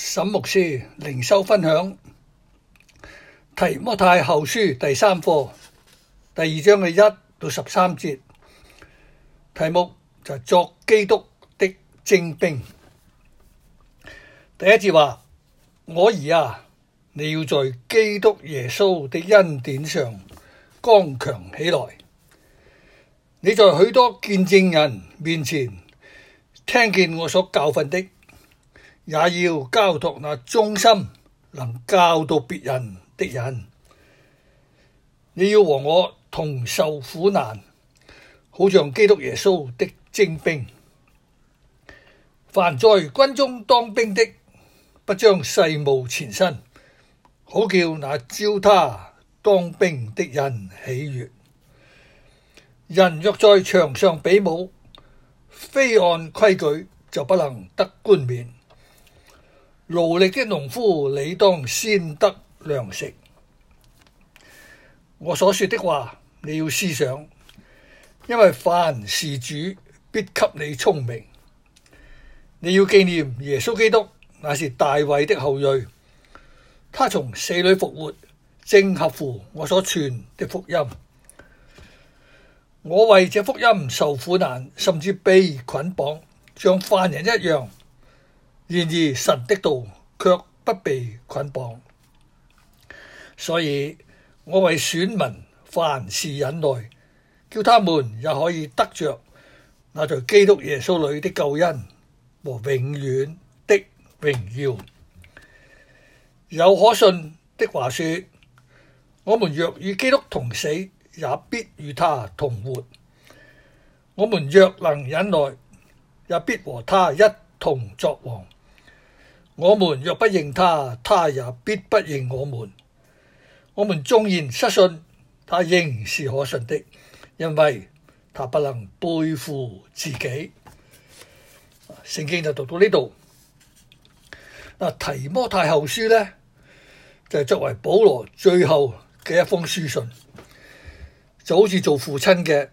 沈牧師靈修分享《提摩太後書》第三課第二章嘅一到十三節，題目就係、是、作基督的精兵。第一節話：我兒啊，你要在基督耶穌的恩典上剛強起來。你在許多見證人面前聽見我所教訓的。也要交託那忠心能教導別人的人。你要和我同受苦難，好像基督耶穌的精兵。凡在軍中當兵的，不將世務纏身，好叫那招他當兵的人喜悦。人若在場上比武，非按規矩就不能得冠冕。勞力的農夫，你當先得糧食。我所說的話，你要思想，因為凡事主必給你聰明。你要紀念耶穌基督，那是大衛的後裔，他從死裏復活，正合乎我所傳的福音。我為這福音受苦難，甚至被捆綁，像犯人一樣。然而神的道卻不被捆綁，所以我為選民凡事忍耐，叫他們也可以得着那在基督耶穌裏的救恩和永遠的榮耀。有可信的話說：我們若與基督同死，也必與他同活；我們若能忍耐，也必和他一同作王。我們若不認他，他也必不認我們。我們縱然失信，他仍是可信的，因為他不能背負自己。聖經就讀到呢度。《提摩太後書》呢，就是作為保羅最後嘅一封書信，就好似做父親嘅，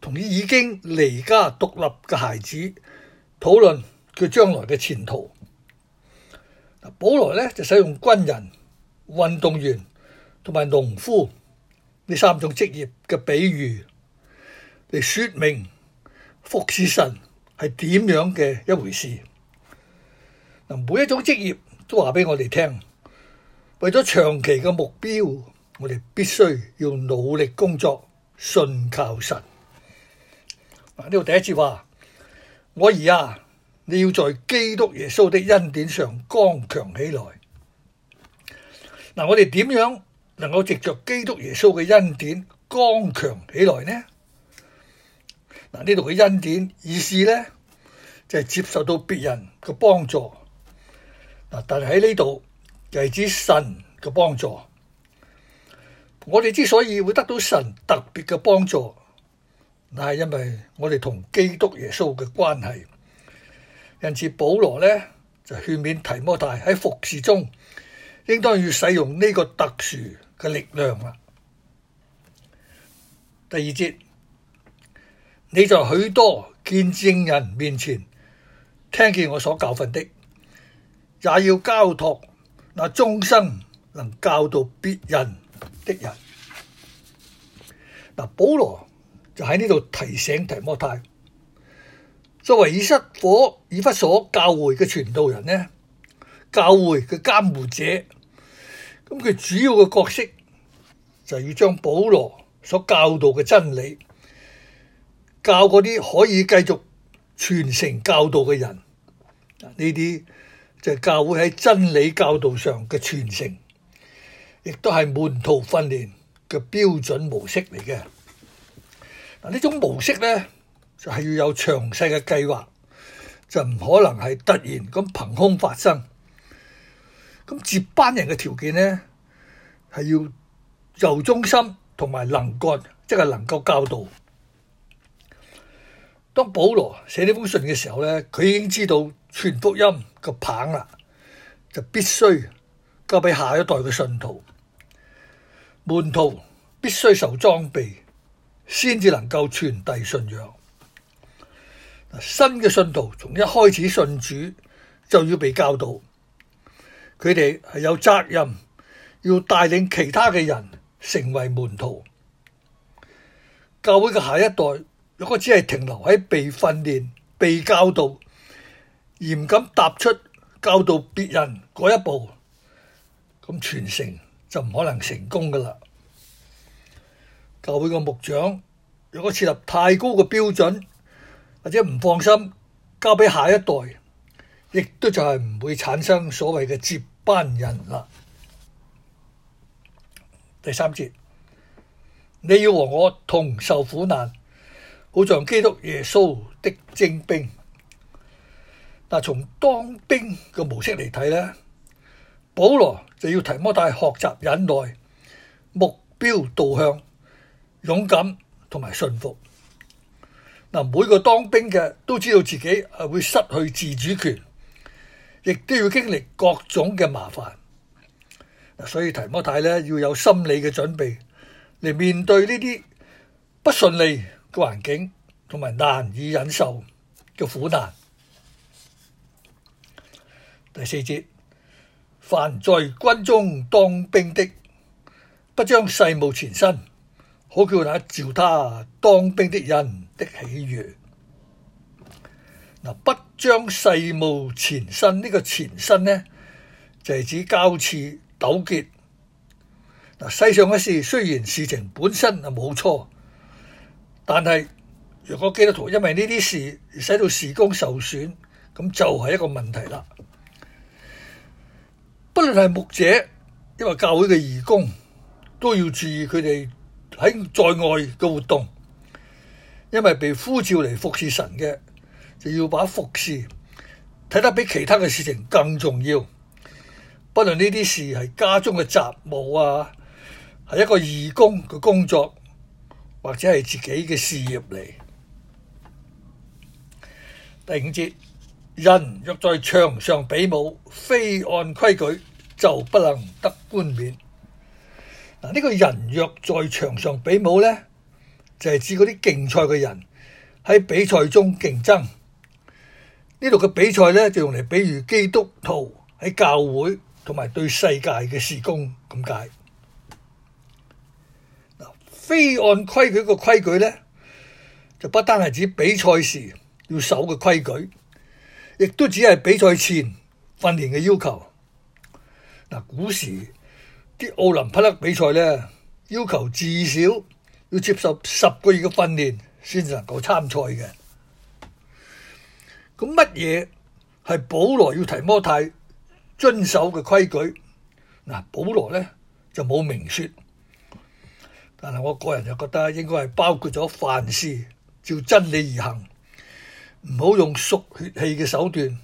同啲已經離家獨立嘅孩子討論佢將來嘅前途。嗱，保羅呢就使用軍人、運動員同埋農夫呢三種職業嘅比喻嚟說明服侍神係點樣嘅一回事。嗱，每一種職業都話畀我哋聽，為咗長期嘅目標，我哋必須要努力工作，信靠神。嗱、啊，呢度第一次話我而家、啊？你要在基督耶穌的恩典上剛強起來。嗱，我哋點樣能夠藉着基督耶穌嘅恩典剛強起來呢？嗱，呢度嘅恩典意思呢，就係接受到別人嘅幫助。嗱，但係喺呢度就係指神嘅幫助。我哋之所以會得到神特別嘅幫助，那係因為我哋同基督耶穌嘅關係。因此，保羅呢就勸勉提摩太喺服侍中，應當要使用呢個特殊嘅力量啦。第二節，你在許多見證人面前聽見我所教訓的，也要交託那終生能教導別人的人。嗱，保羅就喺呢度提醒提摩太。作為以弗所教會嘅傳道人呢，教會嘅監護者，咁佢主要嘅角色就係要將保羅所教導嘅真理，教嗰啲可以繼續傳承教導嘅人。呢啲就係教會喺真理教導上嘅傳承，亦都係門徒訓練嘅標準模式嚟嘅。嗱呢種模式呢，就係要有詳細嘅計劃，就唔可能係突然咁憑空發生。咁接班人嘅條件呢，係要有忠心同埋能幹，即係能夠教導。當保羅寫呢封信嘅時候呢，佢已經知道傳福音個棒啦，就必須交俾下一代嘅信徒門徒必須受裝備，必須受裝備先至能夠傳遞信仰。新嘅信徒從一開始信主就要被教導，佢哋係有責任要帶領其他嘅人成為門徒。教會嘅下一代，如果只係停留喺被訓練、被教導，而唔敢踏出教導別人嗰一步，咁傳承就唔可能成功噶啦。教會嘅牧長如果設立太高嘅標準，或者唔放心交俾下一代，亦都就係唔會產生所謂嘅接班人啦。第三節，你要和我同受苦難，好像基督耶穌的精兵。嗱，從當兵嘅模式嚟睇呢，保羅就要提摩太學習忍耐、目標導向、勇敢同埋信服。嗱，每個當兵嘅都知道自己係會失去自主權，亦都要經歷各種嘅麻煩。所以提摩太咧要有心理嘅準備，嚟面對呢啲不順利嘅環境同埋難以忍受嘅苦難。第四節，凡在軍中當兵的，不將世務纏身。我叫大家照他當兵的人的喜悅嗱、啊，不將世務纏身呢、這個纏身呢，就係、是、指交涉糾結嗱、啊。世上嘅事雖然事情本身係冇錯，但係若果基督徒因為呢啲事而使到時光受損，咁就係一個問題啦。不論係牧者抑或教會嘅義工，都要注意佢哋。喺在外嘅活動，因為被呼召嚟服侍神嘅，就要把服侍睇得比其他嘅事情更重要。不論呢啲事係家中嘅雜務啊，係一個義工嘅工作，或者係自己嘅事業嚟。第五節，人若在場上比武，非按規矩就不能得冠冕。嗱，呢個人若在場上比武呢，就係指嗰啲競賽嘅人喺比賽中競爭。呢度嘅比賽呢，就用嚟比喻基督徒喺教會同埋對世界嘅事工咁解。嗱，非按規矩嘅規矩呢，就不單係指比賽時要守嘅規矩，亦都只係比賽前訓練嘅要求。嗱，古時啲奧林匹克比賽呢，要求至少要接受十個月嘅訓練先至能夠參賽嘅。咁乜嘢係保羅要提摩太遵守嘅規矩？嗱，保羅呢就冇明説，但係我個人就覺得應該係包括咗凡事照真理而行，唔好用屬血氣嘅手段，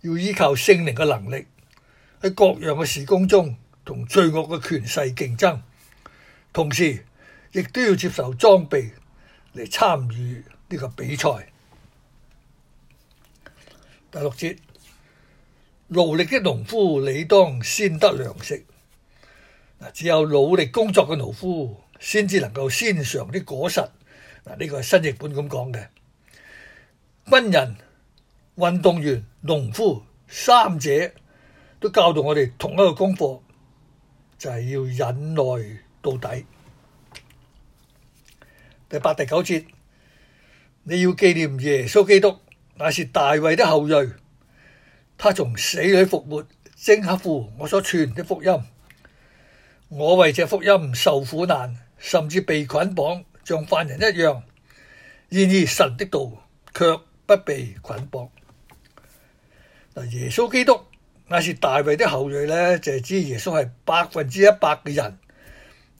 要依靠聖靈嘅能力喺各樣嘅時光中，同罪惡嘅權勢競爭，同時亦都要接受裝備嚟參與呢個比賽。第六節，勞力嘅農夫理當先得糧食。啊，只有努力工作嘅農夫先至能夠先嘗啲果實。嗱，呢個係新譯本咁講嘅。軍人、運動員、農夫三者都教導我哋同一個功課。就係要忍耐到底。第八、第九節，你要紀念耶穌基督，乃是大衛的後裔，他從死裏復活，正合乎我所傳的福音。我為這福音受苦難，甚至被捆綁，像犯人一樣；然而神的道卻不被捆綁。耶穌基督。但是大衛的後裔呢，就係指耶穌係百分之一百嘅人。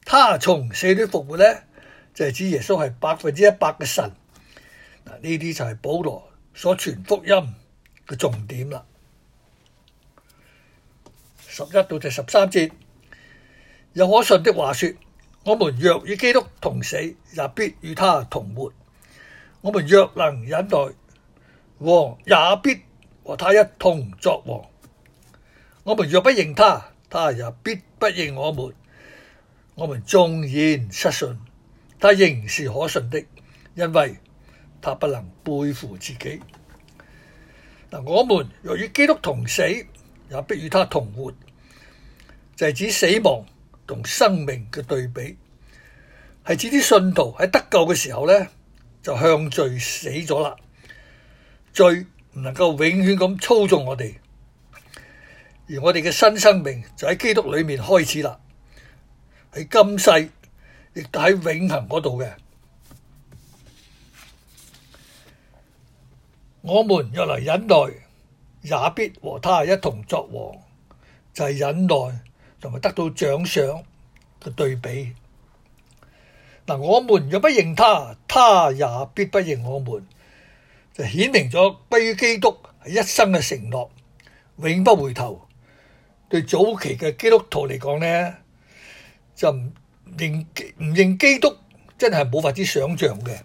他從死裏復活呢，就係指耶穌係百分之一百嘅神。嗱，呢啲就係保羅所傳福音嘅重點啦。十一到第十三節，有可信的話說：我們若與基督同死，也必與他同活；我們若能忍耐王，王也必和他一同作王。我們若不認他，他也必不認我們。我們縱然失信，他仍是可信的，因為他不能背負自己。嗱，我們若與基督同死，也必與他同活，就係指死亡同生命嘅對比，係指啲信徒喺得救嘅時候呢，就向罪死咗啦，罪唔能夠永遠咁操縱我哋。而我哋嘅新生命就喺基督裏面開始啦，喺今世亦都喺永恒嗰度嘅。我們若能忍耐，也必和他一同作王，就係、是、忍耐同埋得到獎賞嘅對比。嗱，我們若不認他，他也必不認我們，就顯明咗歸於基督係一生嘅承諾，永不回頭。對早期嘅基督徒嚟講呢，就唔認，唔認基督，真係冇法子想象嘅。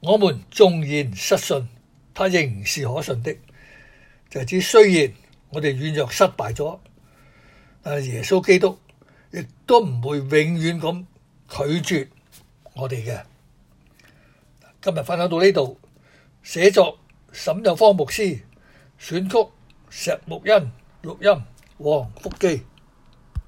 我們縱然失信，他仍是可信的。就指雖然我哋軟弱失敗咗，但耶穌基督亦都唔會永遠咁拒絕我哋嘅。今日分享到呢度，寫作沈佑芳牧師選曲。石木音錄音，黃福記。